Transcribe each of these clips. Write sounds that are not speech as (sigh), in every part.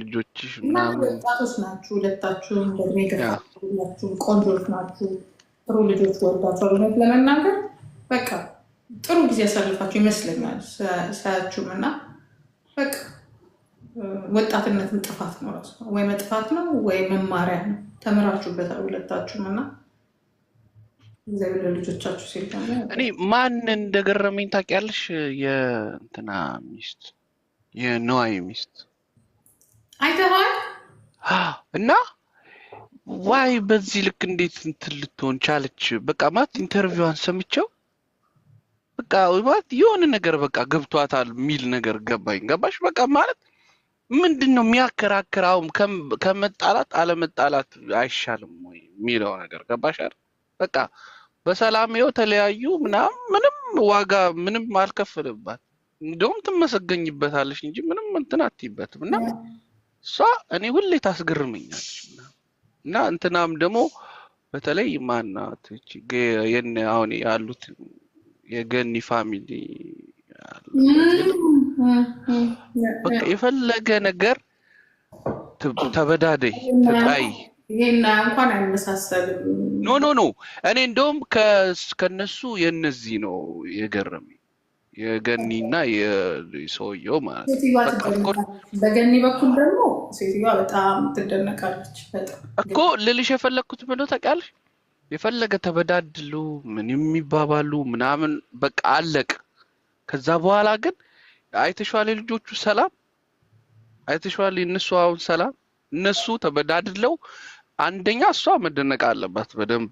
ልጆችሽ ወጣቶች ናችሁ፣ ሁለታችሁም እንደድሜ ገፋችሁ ቆንጆች ናችሁ፣ ጥሩ ልጆች ወልዳችሁ እውነት ለመናገር በቃ ጥሩ ጊዜ ያሳልፋችሁ ይመስለኛል ሳያችሁም እና በቃ ወጣትነትን ጥፋት ነው ራሱ ወይ መጥፋት ነው ወይ መማሪያ ነው። ተምራችሁበታል ሁለታችሁም እና ለልጆቻችሁ እኔ ማን እንደገረመኝ ታውቂያለሽ? የእንትና ሚስት የነዋይ ሚስት አይተኸዋል እና ዋይ በዚህ ልክ እንዴት እንትን ልትሆን ቻለች? በቃ ማለት ኢንተርቪዋን ሰምቼው በቃ ማለት የሆነ ነገር በቃ ገብቷታል የሚል ነገር ገባኝ። ገባሽ? በቃ ማለት ምንድን ነው የሚያከራክር? አሁን ከመጣላት አለመጣላት አይሻልም ወይ የሚለው ነገር ገባሽ? አይደል? በቃ በሰላም ይኸው ተለያዩ ምናምን፣ ምንም ዋጋ ምንም አልከፍልባት። እንደውም ትመሰገኝበታለሽ እንጂ ምንም እንትን አትይበትም እና እሷ እኔ ሁሌ ታስገርመኛለች እና እንትናም ደግሞ በተለይ ማናት አሁን ያሉት የገኒ ፋሚሊ በቃ የፈለገ ነገር ተበዳደይ ተቃይ እንኳን አይመሳሰልም። ኖ ኖ ኖ እኔ እንደውም ከነሱ የነዚህ ነው የገረመኝ የገኒና የሰውየው ማለት በገኒ በኩል ደግሞ ሴትዮዋ በጣም ትደነቃለች። በጣም እኮ ልልሽ የፈለግኩት ምንድን ነው ታውቂያለሽ፣ የፈለገ ተበዳድሉ ምን የሚባባሉ ምናምን በቃ አለቅ። ከዛ በኋላ ግን አይተሸዋል፣ ልጆቹ ሰላም አይተሸዋል፣ እነሱ አሁን ሰላም እነሱ ተበዳድለው አንደኛ እሷ መደነቅ አለባት በደንብ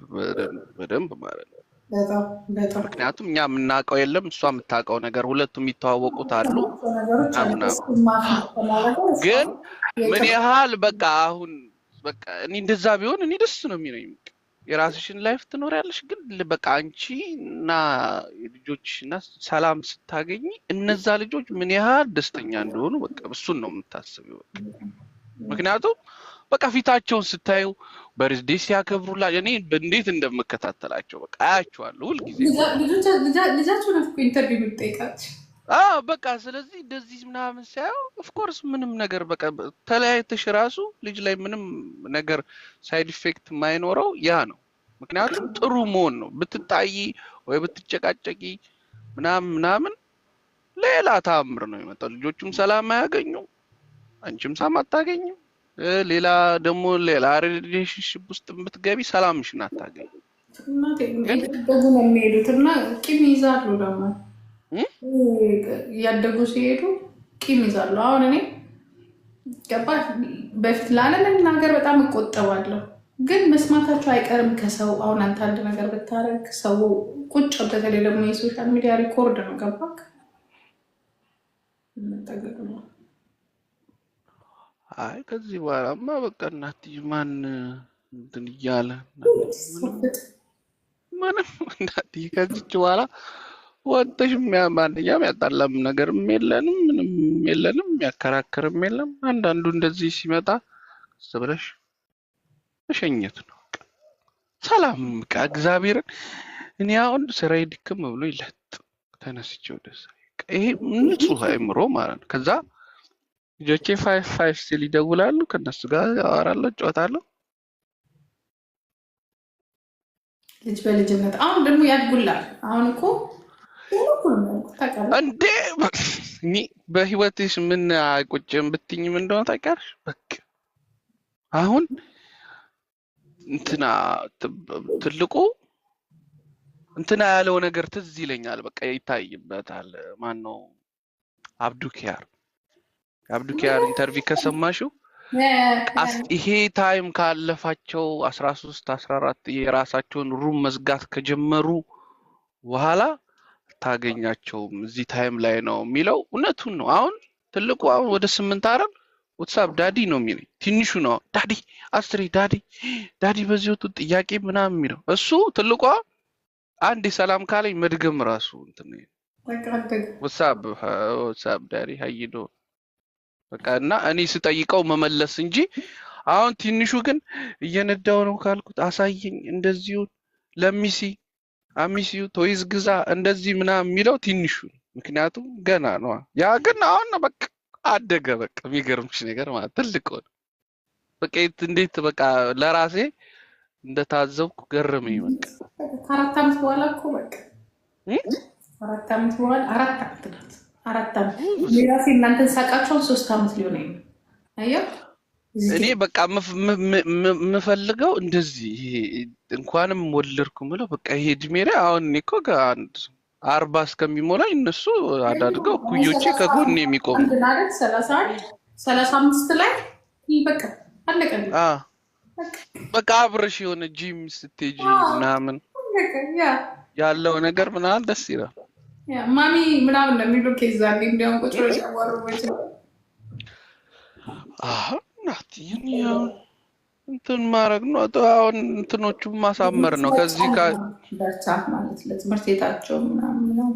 በደንብ ማለት ነው። ምክንያቱም እኛ የምናውቀው የለም እሷ የምታውቀው ነገር፣ ሁለቱም የሚተዋወቁት አሉ ግን ምን ያህል በቃ አሁን በቃ እኔ እንደዛ ቢሆን እኔ ደስ ነው የሚለኝ። የራስሽን ላይፍ ትኖሪያለሽ፣ ግን በቃ አንቺ እና ልጆች እና ሰላም ስታገኝ እነዛ ልጆች ምን ያህል ደስተኛ እንደሆኑ በቃ እሱን ነው የምታስቢው። ምክንያቱም በቃ ፊታቸውን ስታዩ በርዝዴ ሲያከብሩላ እኔ እንዴት እንደምከታተላቸው በቃ አያቸዋለሁ ሁልጊዜ ልጃችሁን ኢንተርቪው በቃ ስለዚህ እንደዚህ ምናምን ሳየው ኦፍኮርስ ምንም ነገር በቃ ተለያይተሽ ራሱ ልጅ ላይ ምንም ነገር ሳይድ ኢፌክት የማይኖረው ያ ነው። ምክንያቱም ጥሩ መሆን ነው። ብትጣይ ወይ ብትጨቃጨቂ ምናምን ምናምን ሌላ ተአምር ነው የመጣው። ልጆቹም ሰላም አያገኙ፣ አንቺም ሳም አታገኝም። ሌላ ደግሞ ሌላ ሪሌሽንሽፕ ውስጥ ብትገቢ ሰላምሽን አታገኝ። እናቴ እና ቂም ይዛሉ ደግሞ እያደጉ ሲሄዱ ቂም ይዛሉ። አሁን እኔ ገባ በፊት ላለመናገር በጣም እቆጠባለሁ፣ ግን መስማታቸው አይቀርም ከሰው አሁን አንተ አንድ ነገር ብታረግ ሰው ቁጭ በተለይ ደግሞ የሶሻል ሚዲያ ሪኮርድ ነው ገባ መጠገቅ ነው። አይ ከዚህ በኋላማ በቃ እናትዬ ማን እንትን እያለ ምንም እናትዬ ከዚች በኋላ ወጥሽ ማንኛውም ያጣላም ነገርም የለንም፣ ምንም የለንም፣ የሚያከራክርም የለም። አንዳንዱ እንደዚህ ሲመጣ ስብለሽ መሸኘት ነው። ሰላም በቃ እግዚአብሔርን እኔ አሁን ስራዬ ድክም ብሎ ይለጥ ተነስቼ ወደ ይሄ ንጹህ አይምሮ ማለት ነው። ከዛ ልጆቼ ፋይፍ ፋይፍ ሲል ይደውላሉ። ከእነሱ ጋር አወራለሁ፣ እጫወታለሁ። ልጅ በልጅነት አሁን ደግሞ ያድጉላል። አሁን እኮ እንዴ በህይወትሽ ምን ቁጭም ብትኝም እንደሆነ ታውቂያለሽ። በቃ አሁን እንትና ትልቁ እንትና ያለው ነገር ትዝ ይለኛል። በቃ ይታይበታል። ማን ነው አብዱኪያር? አብዱኪያር ኢንተርቪ ከሰማሽው ይሄ ታይም ካለፋቸው አስራ ሶስት አስራ አራት የራሳቸውን ሩም መዝጋት ከጀመሩ በኋላ አታገኛቸውም እዚህ ታይም ላይ ነው የሚለው እውነቱን ነው። አሁን ትልቁ አሁን ወደ ስምንት አረብ ዋትሳፕ ዳዲ ነው የሚለኝ ትንሹ ነው ዳዲ አስትሪ ዳዲ ዳዲ በዚህ ወጡ ጥያቄ ምናምን የሚለው እሱ ትልቋ አንድ የሰላም ካለኝ መድገም ራሱ እንትን ዋትሳፕ ዋትሳፕ ዳዲ ሀይዶ በቃ እና እኔ ስጠይቀው መመለስ እንጂ አሁን ትንሹ ግን እየነዳው ነው ካልኩት አሳየኝ እንደዚሁ ለሚሲ አሚስዩ ቶይዝ ግዛ እንደዚህ ምናምን የሚለው ትንሹ፣ ምክንያቱም ገና ነዋ። ያ ግን አሁን በቃ አደገ። በቃ የሚገርምሽ ነገር ማለት ትልቅ ሆነ። በቃ እንዴት በቃ ለራሴ እንደታዘብኩ ገረመኝ። በቃ ከአራት ዓመት በኋላ እኮ በቃ አራት ዓመት በኋላ አራት ዓመት ናት። አራት ዓመት የራሴ እናንተን ሳቃቸውን ሶስት ዓመት ሊሆን አያ እኔ በቃ የምፈልገው እንደዚህ እንኳንም ወለድኩ ምለው በቃ ይሄ እድሜ አሁን እኔ እኮ ከአንድ አርባ እስከሚሞላኝ እነሱ አዳድገው እኩዮቼ ከጎን የሚቆሙ በቃ አብረሽ የሆነ ጂም ስቴጂ ምናምን ያለው ነገር ምናምን ደስ ይላል። ማሚ ምናምን እንደሚሉ ኬዛ እንዲያውም ቁጭ ያወሩ እንትን ማድረግ ነው። አሁን እንትኖቹ ማሳመር ነው። ከዚህ በርታት ማለት ለትምህርት ቤታቸው ምናምን ነው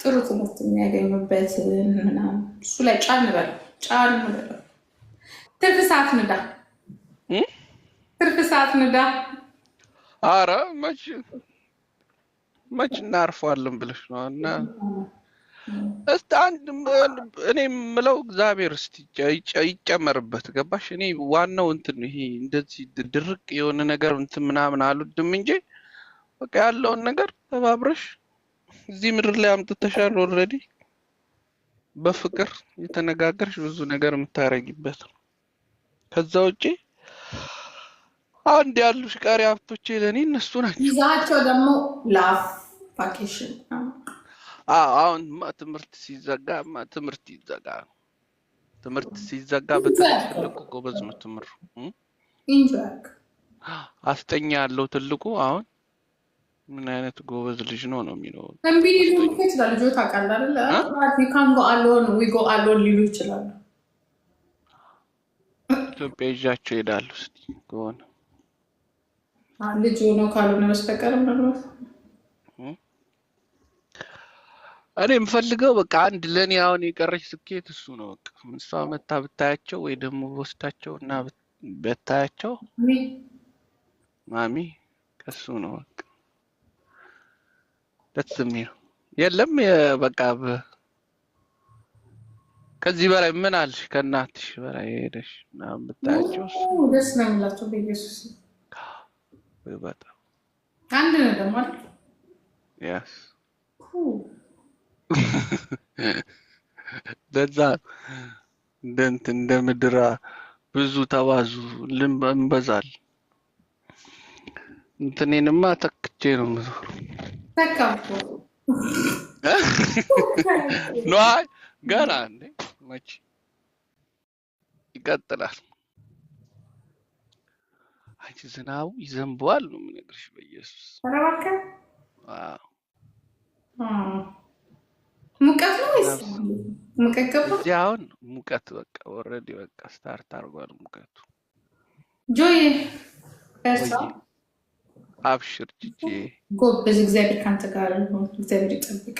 ጥሩ ትምህርት የሚያገኙበት ምናምን እሱ ላይ ጫን በለው ጫን በለው። ትርፍ ሰዓት ንዳ፣ ትርፍ ሰዓት ንዳ። አረ መች መች እናርፋለን ብለሽ ነው እና እስቲ አንድ እኔ የምለው እግዚአብሔር እስቲ ይጨመርበት። ገባሽ? እኔ ዋናው እንትን ይሄ እንደዚህ ድርቅ የሆነ ነገር እንትን ምናምን አልወድም እንጂ በቃ ያለውን ነገር ተባብረሽ እዚህ ምድር ላይ አምጥተሻል። ኦልሬዲ በፍቅር የተነጋገርሽ ብዙ ነገር የምታረጊበት ነው። ከዛ ውጪ አንድ ያሉሽ ቀሪ ሀብቶቼ ለእኔ እነሱ ናቸው። ይዛቸው ደግሞ ላፍ ቫኬሽን አሁን ትምህርት ሲዘጋ ትምህርት ይዘጋ። ትምህርት ሲዘጋ በጣም ትልቁ ጎበዝ ነው ትምህር አስጠኛ ያለው ትልቁ አሁን ምን አይነት ጎበዝ ልጅ ነው ነው የሚለው እምቢ ሊሉ ይችላል። ልጆች ታውቃለህ አይደል አሎን ዊጎ አሎን ሊሉ ይችላሉ። ኢትዮጵያ ይዣቸው ይሄዳሉ ስ ከሆነ ልጅ ሆነው ካልሆነ መስፈቀር ምናልባት እኔ የምፈልገው በቃ አንድ ለእኔ አሁን የቀረች ስኬት እሱ ነው። በቃ እሷ መታ ብታያቸው ወይ ደግሞ በወስዳቸው እና በታያቸው ማሚ ከሱ ነው በቃ ደስ የሚል የለም። በቃ ከዚህ በላይ ምን አልሽ? ከእናትሽ በላይ ሄደሽ ምናምን ብታያቸው ደስ ነው የሚላቸው በኢየሱስ በጣም አንድ ነው ደግሞ ያስ በዛ (laughs) እንደንት እንደ ምድራ ብዙ ተባዙ ልንበዛል እንትኔንማ ተክቼ ነው ምዞር ኗ ገና እንዴ መቼ ይቀጥላል። አንቺ ዝናቡ ይዘንበዋል ነው የምነግርሽ። በኢየሱስ ሙቀት ነው ወይስ ሙቀት ገባ? እዚህ አሁን ሙቀት በቃ ኦልሬዲ በቃ ስታርት አድርጓል ሙቀቱ። ጆይ አብሽር ጎበዝ። እግዚአብሔር ከአንተ ጋር እግዚአብሔር ይጠብቅ።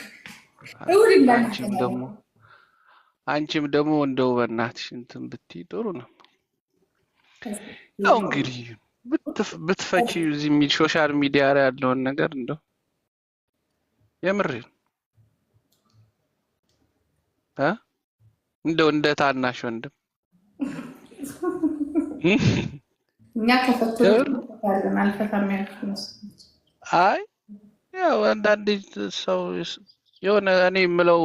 አንቺም ደግሞ አንቺም ደግሞ እንደው በእናትሽ እንትን ብትይ ጥሩ ነው። ያው እንግዲህ ብትፈቺ እዚህ ሶሻል ሚዲያ ላይ ያለውን ነገር እንደው የምሬ ነው እንደው እንደ ታናሽ ወንድም እኛ አይ ያው አንዳንዴ ሰው የሆነ እኔ የምለው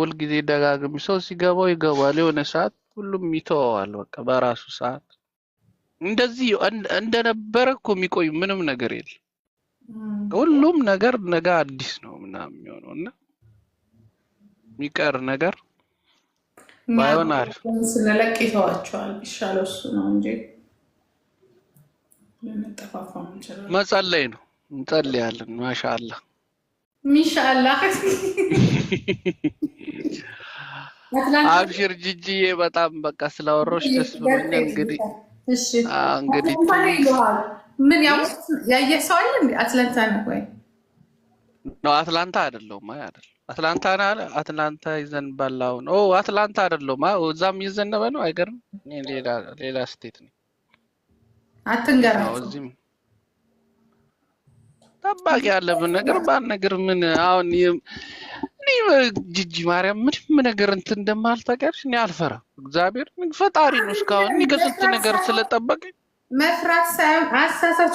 ሁልጊዜ ደጋግሚ ሰው ሲገባው ይገባል። የሆነ ሰዓት ሁሉም ይተወዋል። በቃ በራሱ ሰዓት እንደዚህ እንደነበረ እኮ የሚቆይ ምንም ነገር የለም። ሁሉም ነገር ነገ አዲስ ነው ምናምን የሚሆነው እና የሚቀር ነገር ባይሆን አሪፍ ስለለቅ ይተዋቸዋል። እሱ ነው እንጂ መጸለይ ነው እንጸልያለን። ማሻአላ አብሽር ጅጅዬ፣ በጣም በቃ ስላወራሽ ደስ ብሎኛል። እንግዲህ እንግዲህ ምን ሰው አለ አትላንታ ነው ወይ ነው አትላንታ አይደለሁም። አይ አይደለም አትላንታ ና አትላንታ ይዘን አሁን ኦ አትላንታ አይደለም፣ እዛም እየዘነበ ነው። አይገርም። ሌላ ሌላ ስቴት ነው። አትንገራው። እዚህም ጠባቂ ያለብን ነገር ባል ነገር ምን አሁን እኔ ጅጂ ማርያም ምንም ነገር እንት እንደማልታውቂያለሽ እኔ አልፈራ እግዚአብሔር ፈጣሪ ነው። እስካሁን እኔ ከስንት ነገር ስለጠበቀኝ መፍራት ሳይሆን አሳሳች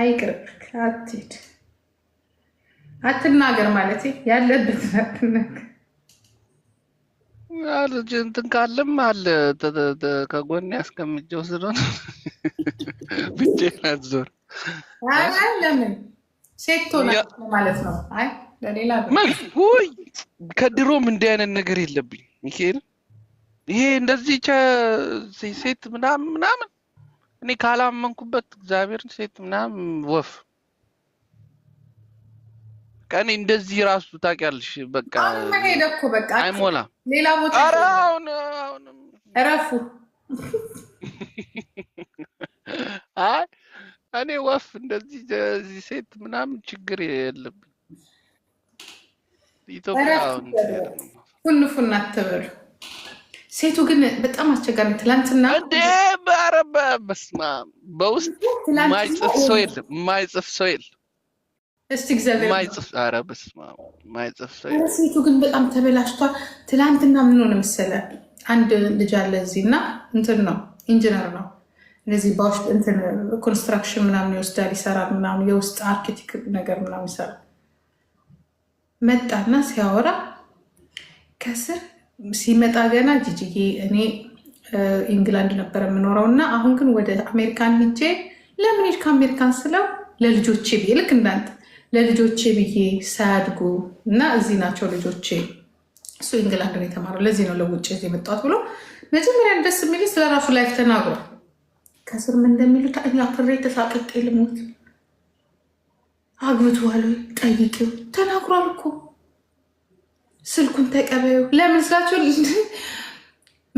አይቅርብክ፣ አትሂድ፣ አትናገር ማለት ያለበት አትናገር። እንትን ካለም አለ ከጎን ያስቀምጨው ስለሆነ (laughs) ብቻዬን አትዞር። ለምን ማለት ነው? አይ ከድሮም እንዲህ አይነት ነገር የለብኝ ሚካኤል። ይሄ እንደዚህ ሴት ምናምን ምናምን እኔ ካላመንኩበት እግዚአብሔርን ሴት ምናምን ወፍ ቀኔ እንደዚህ ራሱ ታውቂያለሽ። በቃ ሄደ እኮ በቃ አይሞላም። ሌላ ቦታ አሁን እረፉ። (laughs) አይ እኔ ወፍ እንደዚህ እዚህ ሴት ምናምን ችግር የለብኝ። ኢትዮጵያ ፉን አትበሉ። ሴቱ ግን በጣም አስቸጋሪ ትላንትና እንዴ ኧረ በስመ አብ በውስጥ የማይጽፍ ሰው የለም። የማይጽፍ ሰው የለም። እስቲ እግዚአብሔር የማይጽፍ ኧረ በስመ አብ የማይጽፍ ሰው የለም። ሴቱ ግን በጣም ተበላሽቷል። ትላንትና ምን ሆነ መሰለህ? አንድ ልጅ አለ እዚህ እና እንትን ነው ኢንጂነር ነው እነዚህ በውስጥ እንትን ኮንስትራክሽን ምናምን ይወስዳል ይሰራል፣ ምናምን የውስጥ አርኪቴክት ነገር ምናምን ይሰራል። መጣና ሲያወራ ከስር ሲመጣ ገና ጂጂዬ እኔ ኢንግላንድ ነበር የምኖረው እና አሁን ግን ወደ አሜሪካን ሂጄ ለምን ሄድክ አሜሪካን ስለው ለልጆቼ ብዬ ልክ እንዳንተ ለልጆቼ ብዬ ሳያድጉ እና እዚህ ናቸው ልጆቼ። እሱ ኢንግላንድ ነው የተማረው፣ ለዚህ ነው ለውጭ የመጣት የመጣሁት ብሎ መጀመሪያ ደስ የሚል ስለ ራሱ ላይፍ ተናግሯል። ከስር ምን እንደሚሉት እኛ ፍሬ ተሳቅቄ ልሞት አግብቷል ጠይቄው ተናግሯል እኮ ስልኩን ተቀበዩ ለምን ስላቸው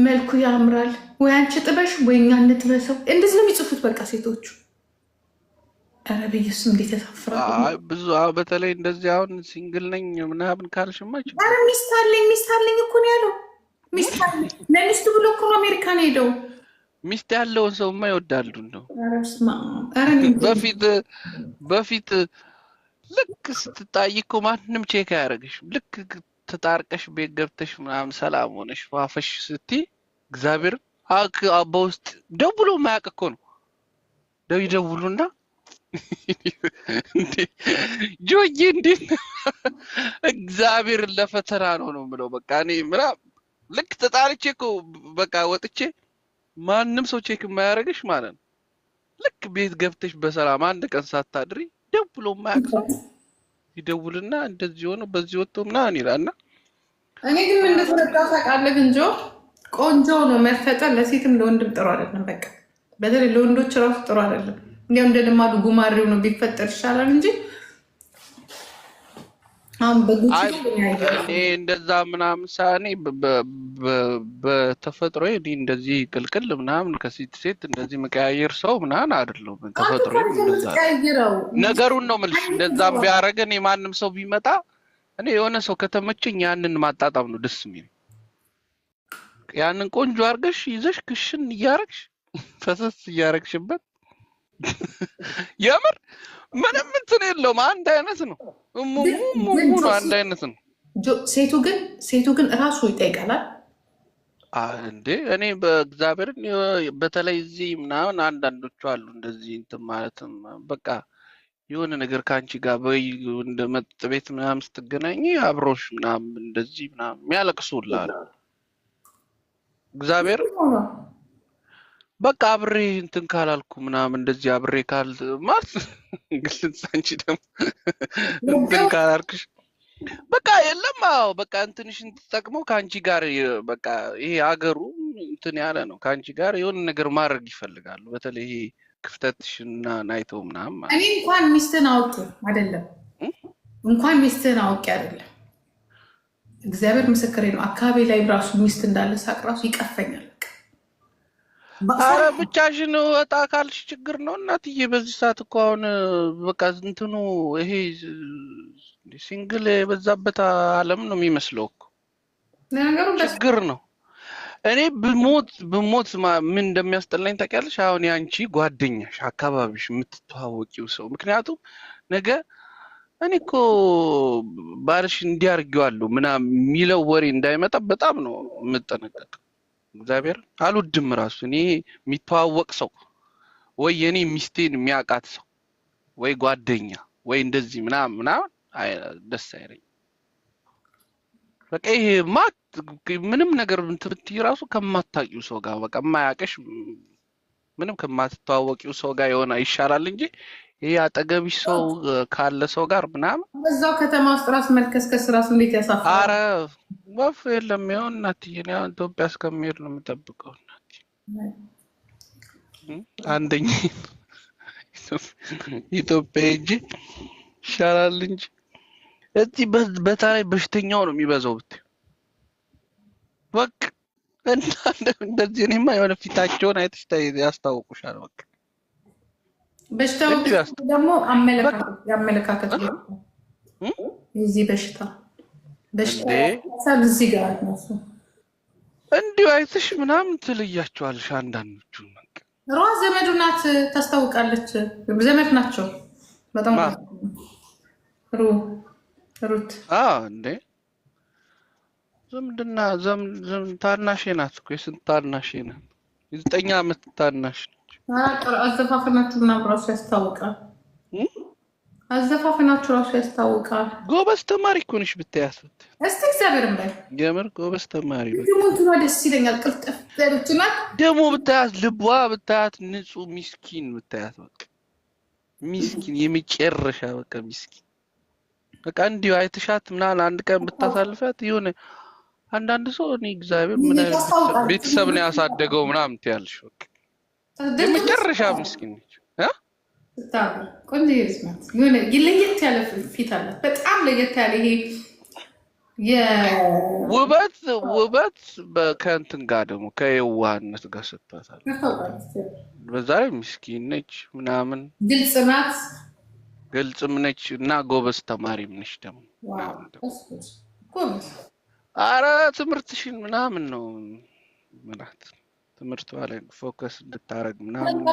መልኩ ያምራል ወይ አንቺ ጥበሽ ወይ እኛ እንጥበሰው። እንደዚህ ነው የሚጽፉት። በቃ ሴቶቹ ኧረ በየሱስ እንዴት ያሳፍራል። ብዙ በተለይ እንደዚህ አሁን ሲንግል ነኝ ምናምን ካልሽማች ኧረ ሚስት አለኝ ሚስት አለኝ እኮ ነው ያለው። ሚስት አለኝ ለሚስቱ ብሎ እኮ ነው አሜሪካን ሄደው ሚስት ያለውን ሰውማ ይወዳሉ ነው በፊት በፊት ልክ ስትታይ እኮ ማንም ቼክ አያደርግሽም ልክ ተጣርቀሽ ቤት ገብተሽ ምናምን ሰላም ሆነሽ ፋፈሽ ስቲ እግዚአብሔር አክ በውስጥ ደውሎ ማያውቅ እኮ ነው። እና ጆጂ እንዴት እግዚአብሔር ለፈተና ነው ነው የምለው። በቃ እኔ ምና ልክ ተጣርቼ እኮ በቃ ወጥቼ ማንም ሰው ቼክ የማያደርግሽ ማለት ነው። ልክ ቤት ገብተሽ በሰላም አንድ ቀን ሳታድሪ ደውሎ ማያውቅ ነው። ይደውልና እንደዚህ ሆኖ በዚህ ወጥቶ ምናምን ይላል እና እኔ ግን እንደተረዳ ታውቃለህ እንጆ ቆንጆ ነው መፈጠር ለሴትም ለወንድም ጥሩ አይደለም። በቃ በተለይ ለወንዶች ራሱ ጥሩ አይደለም። እንዲያው እንደ ልማዱ ጉማሬው ነው ቢፈጠር ይሻላል እንጂ እኔ እንደዛ ምናምን ሳኔ በተፈጥሮ እኔ እንደዚህ ቅልቅል ምናምን ከሴት ሴት እንደዚህ መቀያየር ሰው ምናምን አይደለሁም። ተፈጥሮ ነገሩን ነው የምልሽ። እንደዛም ቢያደርግ እኔ ማንም ሰው ቢመጣ እኔ የሆነ ሰው ከተመቸኝ ያንን ማጣጣም ነው ደስ የሚል። ያንን ቆንጆ አድርገሽ ይዘሽ ክሽን እያረግሽ ፈሰስ እያረግሽበት (laughs) የምር ምንም እንትን የለውም። አንድ አይነት ነው። ሙሙሙሙ ነው። አንድ አይነት ነው። ሴቱ ግን ሴቱ ግን እራሱ ይጠይቀናል እንዴ እኔ በእግዚአብሔርን በተለይ እዚህ ምናምን አንዳንዶቹ አሉ እንደዚህ እንትን ማለትም በቃ የሆነ ነገር ከአንቺ ጋር በይ እንደ መጥ ቤት ምናምን ስትገናኝ አብሮሽ ምናምን እንደዚህ ምናምን የሚያለቅሱላል እግዚአብሔር በቃ አብሬ እንትን ካላልኩ ምናምን እንደዚህ አብሬ ካል ማለት ግልጽ አንቺ ደግሞ እንትን ካላልኩሽ በቃ የለም። አዎ በቃ እንትንሽ እንትጠቅመው ከአንቺ ጋር በቃ ይሄ አገሩ እንትን ያለ ነው። ከአንቺ ጋር የሆነ ነገር ማድረግ ይፈልጋሉ። በተለይ ይሄ ክፍተትሽና ናይተው ምናምን እኔ እንኳን ሚስትን አውቄ አይደለም እንኳን ሚስትን አውቄ አይደለም እግዚአብሔር ምስክሬ ነው። አካባቢ ላይ ራሱ ሚስት እንዳለ ሳቅ ራሱ ይቀፈኛል። አረ ብቻሽን ወጣ ካልሽ ችግር ነው እናትዬ። በዚህ ሰዓት እኮ አሁን በቃ እንትኑ ይሄ ሲንግል የበዛበት አለም ነው የሚመስለው እኮ ችግር ነው። እኔ ብሞት ብሞት ምን እንደሚያስጠላኝ ታውቂያለሽ? አሁን የአንቺ ጓደኛሽ አካባቢሽ የምትተዋወቂው ሰው ምክንያቱም ነገ እኔ እኮ ባልሽ እንዲያርጊዋለሁ ምናምን የሚለው ወሬ እንዳይመጣ በጣም ነው የምጠነቀቀው። እግዚአብሔር አልወድም። ራሱ እኔ የሚተዋወቅ ሰው ወይ የኔ ሚስቴን የሚያውቃት ሰው ወይ ጓደኛ ወይ እንደዚህ ምናምን ምናምን ደስ አይለኝ በቃ ይሄ ማ ምንም ነገር ትብት ራሱ ከማታውቂው ሰው ጋር በቃ የማያውቅሽ ምንም ከማትተዋወቂው ሰው ጋር የሆነ ይሻላል እንጂ ይሄ አጠገብሽ ሰው ካለ ሰው ጋር ምናምን በዛው ከተማ ውስጥ ራስ መልከስከስ ራሱ እንዴት ያሳፍራል። አረ ወፍ የለም። ይኸው እናትዬ ኢትዮጵያ እስከሚሄድ ነው የምጠብቀው። እናት አንደኛ ኢትዮጵያ እጅ ይሻላል እንጂ እዚህ በተለይ በሽተኛው ነው የሚበዛው። ብት በቃ እንደዚህ እኔማ የሆነ ፊታቸውን አይተሽ ያስታውቁሻል በቃ በሽታው ደግሞ አመለካከት የዚህ በሽታ እዚህ ጋር እንዲሁ አይተሽ ምናምን ትልያቸዋለሽ። አንዳንዶቹ ሯ ዘመዱ ናት ታስታውቃለች። ዘመድ ናቸው በጣም ሩ ሩት እንዴ ናት እኮ የስንት ናት? የዘጠኝ ዓመት ታናሽ አዘፋፈናችሁ ምናምን ራሱ ያስታውቃል። አዘፋፈናችሁ ራሱ ያስታውቃል። ጎበዝ ተማሪ እኮ ነሽ ብታያሱት። እስቲ እግዚአብሔር በል የምር ጎበዝ ተማሪ ደሞትና ደስ ይለኛል። ቅልጥፍ ያለችና ደግሞ ብታያት ልቧ ብታያት ንጹህ ሚስኪን ብታያት በቃ ሚስኪን የመጨረሻ በቃ ሚስኪን በቃ እንዲሁ አይተሻት ምናምን አንድ ቀን ብታሳልፈት የሆነ አንዳንድ ሰው እኔ እግዚአብሔር ምን ቤተሰብ ነው ያሳደገው ምናምን ትያለሽ በቃ የመጨረሻ ምስኪን ነች። ለየት ያለ ፊት በጣም ለየት ያለ ይሄ ውበት ውበት ከእንትን ጋር ደግሞ ከየዋህነት ጋር ሰጥቷታል። በዛ ላይ ምስኪን ነች ምናምን፣ ግልጽ ናት፣ ግልጽም ነች እና ጎበዝ ተማሪም ነች ደግሞ። አረ ትምህርትሽን ምናምን ነው ምናት ትምህርቷ ላይ ፎከስ እንድታረግ ምናምን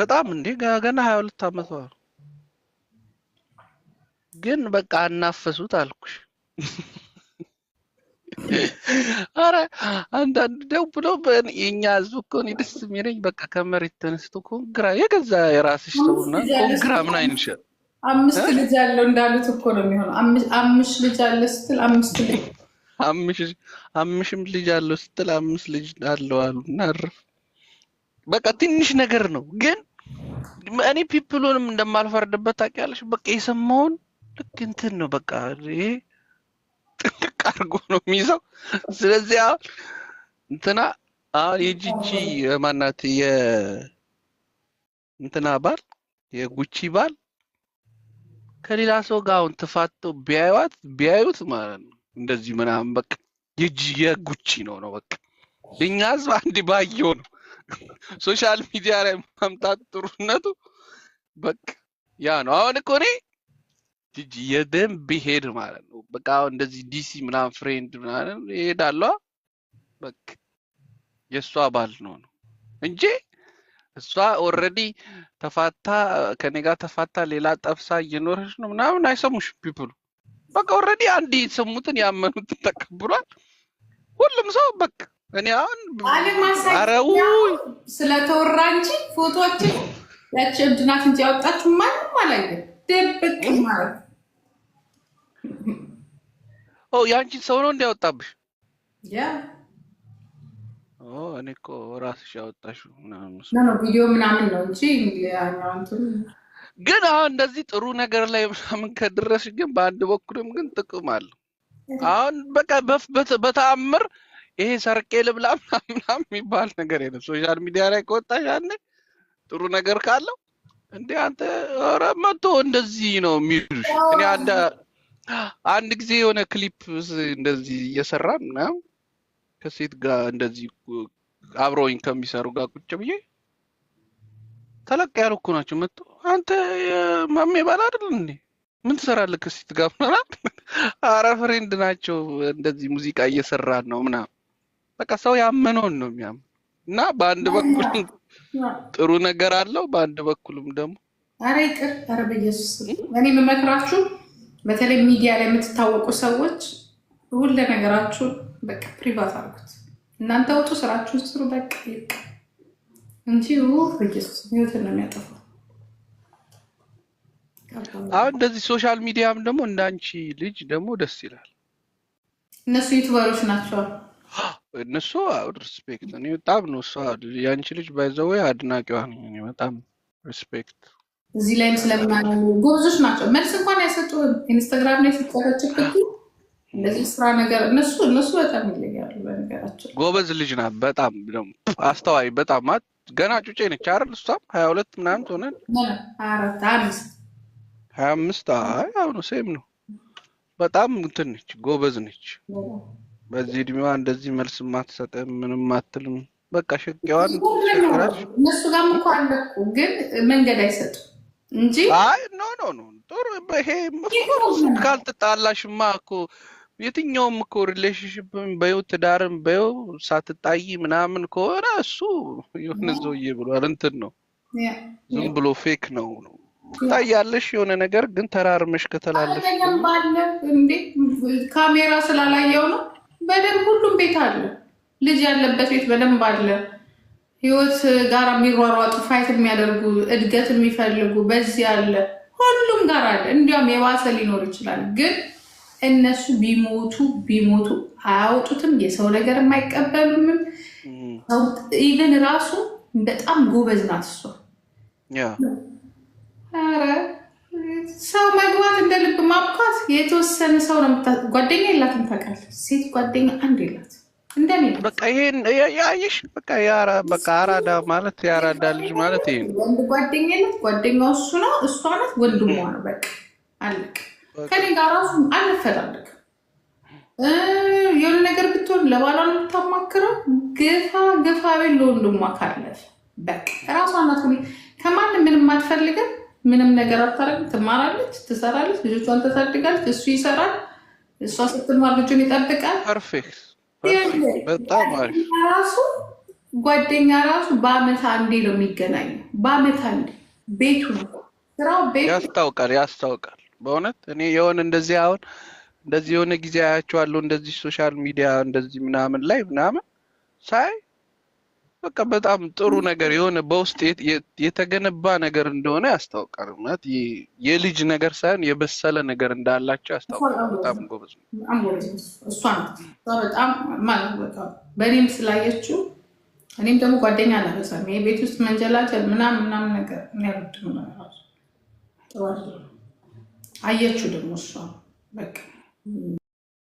በጣም እንዴ ገና ሀያ ሁለት አመቷ ግን በቃ አናፈሱት አልኩሽ። አረ አንዳንድ ደው ብሎ የኛ ህዝብ እኮ እኔ ደስ የሚለኝ በቃ ከመሬት ተነስቶ ኮንግራ የገዛ የራስሽ ሰውና ኮንግራ ምን አይንሻል። አምስት ልጅ ያለው እንዳሉት እኮ ነው የሚሆነው። አምስት ልጅ አለ ስትል አምስት ልጅ አምሽም ልጅ አለው ስትል አምስት ልጅ አለው አሉ እና አረፍ በቃ ትንሽ ነገር ነው ግን እኔ ፒፕሉንም እንደማልፈርድበት ታውቂያለሽ። በቃ የሰማውን ልክ እንትን ነው በቃ ይሄ ጥንቅቅ አድርጎ ነው የሚይዘው። ስለዚህ አሁን እንትና አሁን የጂጂ ማናት የእንትና ባል የጉቺ ባል ከሌላ ሰው ጋር አሁን ተፋተው ቢያዩት ማለት ነው እንደዚህ ምናምን በቃ የጅ የጉቺ ነው ነው በቃ እኛ ህዝብ አንድ ባየው ነው። ሶሻል ሚዲያ ላይ ማምጣት ጥሩነቱ በቃ ያ ነው። አሁን እኮ እኔ ጅጅ የደንብ ሄድ ማለት ነው በቃ እንደዚህ ዲሲ ምናምን ፍሬንድ ምናምን ይሄዳለዋ በቃ የእሷ ባል ነው ነው እንጂ እሷ ኦረዲ ተፋታ ከኔ ጋር ተፋታ ሌላ ጠብሳ እየኖረች ነው ምናምን አይሰሙሽ ፒፕሉ በቃ ኦልሬዲ አንድ የሰሙትን ያመኑትን ተቀብሏል ሁሉም ሰው በቃ እኔ አሁን አረው ስለተወራ እንጂ ፎቶዎችን ያቺ እብድ እንጂ ያወጣችሁ ማንም አላየን። ደብቅ ማለት የአንቺን ሰው ነው እንዲያወጣብሽ። እኔ እኮ ራስሽ ያወጣሽ ቪዲዮ ምናምን ነው እንጂ ግን አሁን እንደዚህ ጥሩ ነገር ላይ ምናምን ከደረስሽ ግን በአንድ በኩልም ግን ጥቅም አለው። አሁን በቃ በተአምር ይሄ ሰርቄ ልብላ ምናምን የሚባል ነገር የለም። ሶሻል ሚዲያ ላይ ከወጣሽ አንዴ ጥሩ ነገር ካለው እንዲ አንተ ኧረ መቶ እንደዚህ ነው የሚሉሽ። እኔ አንድ አንድ ጊዜ የሆነ ክሊፕ እንደዚህ እየሰራ ምናም ከሴት ጋር እንደዚህ አብረውኝ ከሚሰሩ ጋር ቁጭ ብዬ ተለቅ ያሉ እኮ ናቸው መጥቶ አንተ ማሜ ባል አይደል እንዴ? ምን ትሰራለህ? ከሲት ጋር ምናምን። አረ ፍሬንድ ናቸው እንደዚህ ሙዚቃ እየሰራን ነው ምናምን። በቃ ሰው ያመነውን ነው የሚያምን እና በአንድ በኩል ጥሩ ነገር አለው፣ በአንድ በኩልም ደግሞ አረ ይቅር፣ አረ በኢየሱስ እኔ የምመክራችሁ በተለይ ሚዲያ ላይ የምትታወቁ ሰዎች ሁለ ነገራችሁ በቃ ፕሪቫት አድርጉት። እናንተ ውጡ፣ ስራችሁን ስሩ። በቃ ይቅ እንጂ በኢየሱስ ህይወትን ነው የሚያጠፋው። አሁን እንደዚህ ሶሻል ሚዲያም ደግሞ እንዳንቺ ልጅ ደግሞ ደስ ይላል። እነሱ ዩቱበሮች ናቸው። እነሱ ሪስፔክት እኔ በጣም ነው እሷ የአንቺ ልጅ ባይዘወ አድናቂዋ ነኝ። በጣም ሪስፔክት እዚህ ላይም ስለምናገኙ ጎበዞች ናቸው። መልስ እንኳን ያሰጡ ኢንስታግራም ላይ ሲጠረችክ እንደዚህ ስራ ነገር እነሱ እነሱ በጣም ይለያሉ። በነገራቸው ጎበዝ ልጅ ናት። በጣም አስተዋይ በጣም ገና ጩጬ ነች አይደል? እሷም ሀያ ሁለት ምናምን ትሆነን ሀያ አራት አምስት ሀያ አምስት አይ ሴም ነው። በጣም እንትን ነች፣ ጎበዝ ነች። በዚህ እድሜዋ እንደዚህ መልስ ማትሰጥም ምንም ማትልም በቃ ሸቄዋን እነሱ ጋር እኮ አለ እኮ ግን መንገድ እንጂ አይ ኖ ኖ ኖ ጥሩ ይሄ ካልትጣላሽማ እኮ የትኛውም እኮ ሪሌሽንሽፕም በይው ትዳርም በይው ሳትጣይ ምናምን ከሆነ እሱ የሆነ ዘውዬ ብሏል እንትን ነው ዝም ብሎ ፌክ ነው ነው ታያለሽ የሆነ ነገር ግን ተራርመሽ ከተላለፍ ካሜራ ስላላየው ነው። በደንብ ሁሉም ቤት አለ። ልጅ ያለበት ቤት በደንብ አለ። ህይወት ጋር የሚሯሯጡ ፋይት የሚያደርጉ እድገት የሚፈልጉ በዚህ አለ። ሁሉም ጋር አለ። እንዲያውም የባሰ ሊኖር ይችላል። ግን እነሱ ቢሞቱ ቢሞቱ አያወጡትም። የሰው ነገር የማይቀበሉምም። ኢቨን ራሱ በጣም ጎበዝ ናት እሷ ኧረ ሰው መግባት እንደ ልብ ማብኳት የተወሰነ ሰው ነው። ጓደኛ የላትም ታውቃለህ። ሴት ጓደኛ አንድ የላት እንደኔ በቃ ይሄን ያየሽ በቃ በቃ አራዳ ማለት የአራዳ ልጅ ማለት ይሄ ወንድ ጓደኛ ጓደኛው እሱ ነው፣ እሷ ናት፣ ወንድሟ ነው። በቃ አለቅ ከኔ ጋር ራሱ አልፈላለግም። የሆነ ነገር ብትሆን ለባሏ የምታማክረው ግፋ ግፋ ቤት ለወንድሟ ካለፍ በቃ ራሷ ናት። ከማንም ምንም አትፈልግም። ምንም ነገር አታረግም። ትማራለች፣ ትሰራለች፣ ልጆቿን ታሳድጋለች። እሱ ይሰራል፣ እሷ ስትማር ልጁን ይጠብቃል። በጣም ራሱ ጓደኛ ራሱ በአመት አንዴ ነው የሚገናኘው። በአመት አንዴ ቤቱ ስራው ቤቱ ያስታውቃል፣ ያስታውቃል። በእውነት እኔ የሆነ እንደዚህ አሁን እንደዚህ የሆነ ጊዜ አያቸዋለሁ እንደዚህ ሶሻል ሚዲያ እንደዚህ ምናምን ላይ ምናምን ሳይ በቃ በጣም ጥሩ ነገር የሆነ በውስጥ የተገነባ ነገር እንደሆነ ያስታውቃል። ማለት የልጅ ነገር ሳይሆን የበሰለ ነገር እንዳላቸው ያስታውቃል። በጣም ጎበዝ ነው። እሷ በጣም ማለት በእኔም ስላየችው እኔም ደግሞ ጓደኛ አላበዛም። ይሄ ቤት ውስጥ መንጀላቸል ምናምን ምናምን ነገር የሚያረድም ራሱ አየችው ደግሞ እሷ በቃ